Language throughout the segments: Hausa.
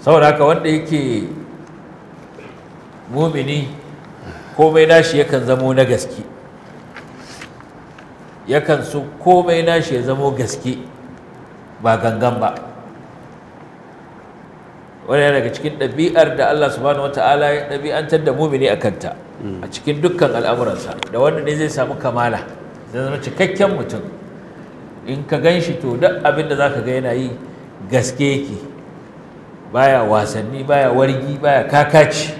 saboda haka wanda yake mumini komai nashi yakan zamo na gaske yakan so komai nashi ya zamo gaske ba gangan ba wani yana daga cikin ɗabi'ar da Allah subhanahu ta'ala ya ɗabi'antar da mumini a kanta a cikin dukkan al'amuransa da wanda ne zai samu kamala zai zama cikakken mutum in ka gan shi to duk abin da za ka ga yana yi gaske yake baya wasanni baya wargi baya kakaci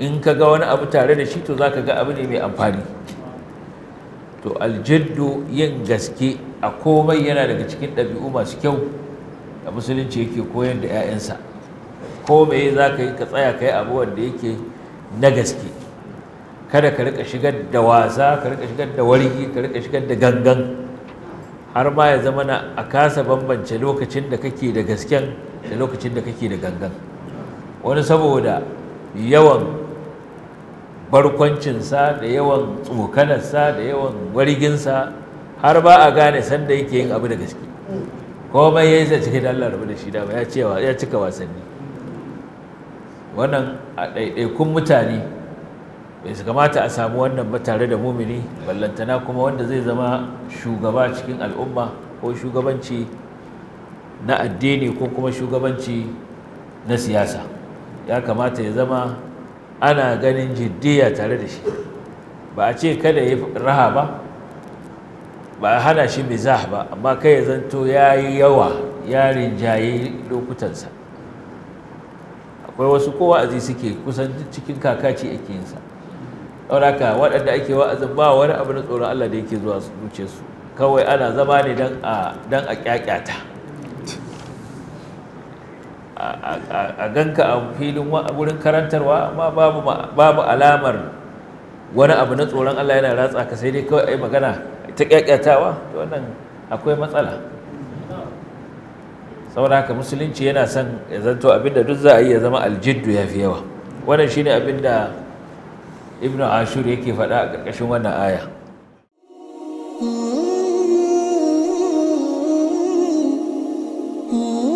in ka ga wani abu tare da shi to za ka ga abu ne mai amfani to aljiddu yin gaske a komai yana daga cikin ɗabi'u masu kyau da musulunci yake koyar da 'ya'yansa komai za ka yi ka tsaya ka yi abu wanda yake na gaske kada ka rika shigar da wasa ka rika shigar da wargi ka rika shigar da gangan har ma ya zama na a kasa bambance lokacin da kake da gasken da lokacin da kake da gangan wani saboda yawan barkwancinsa da yawan tsokanarsa da yawan warginsa har ba a gane sanda yake yin abu da gaske komai ya yi zai cikin Allah rabu da shi dama ya cika wasanni wannan a ɗaiɗaikun mutane bai su kamata a samu wannan ba tare da mumini ballantana kuma wanda zai zama shugaba cikin al'umma ko shugabanci na addini ko kuma shugabanci na siyasa ya kamata ya zama ana ganin jiddiya tare da shi ba a ce kada ya raha ba ba a hana shi mizah ba amma kai ya zanto ya yi yawa ya rinjaye lokutansa akwai wasu ko wa'azi suke kusan cikin kakaci ake yinsa ɗauraka waɗanda ake wa'azin ba wani abu na tsoron Allah da yake zuwa su. kawai ana zama ne don a ta. a ganka a filin wurin karantarwa amma babu alamar wani abu na tsoron Allah yana ratsa ka sai dai kawai ai magana ta kyakyatawa to wannan akwai matsala saboda haka musulunci yana son ya zanto abinda duk za a yi ya zama aljiddu ya fi yawa wannan shine abinda ibnu ashur yake faɗa a ƙarƙashin wannan aya Mm-hmm. mm-hmm.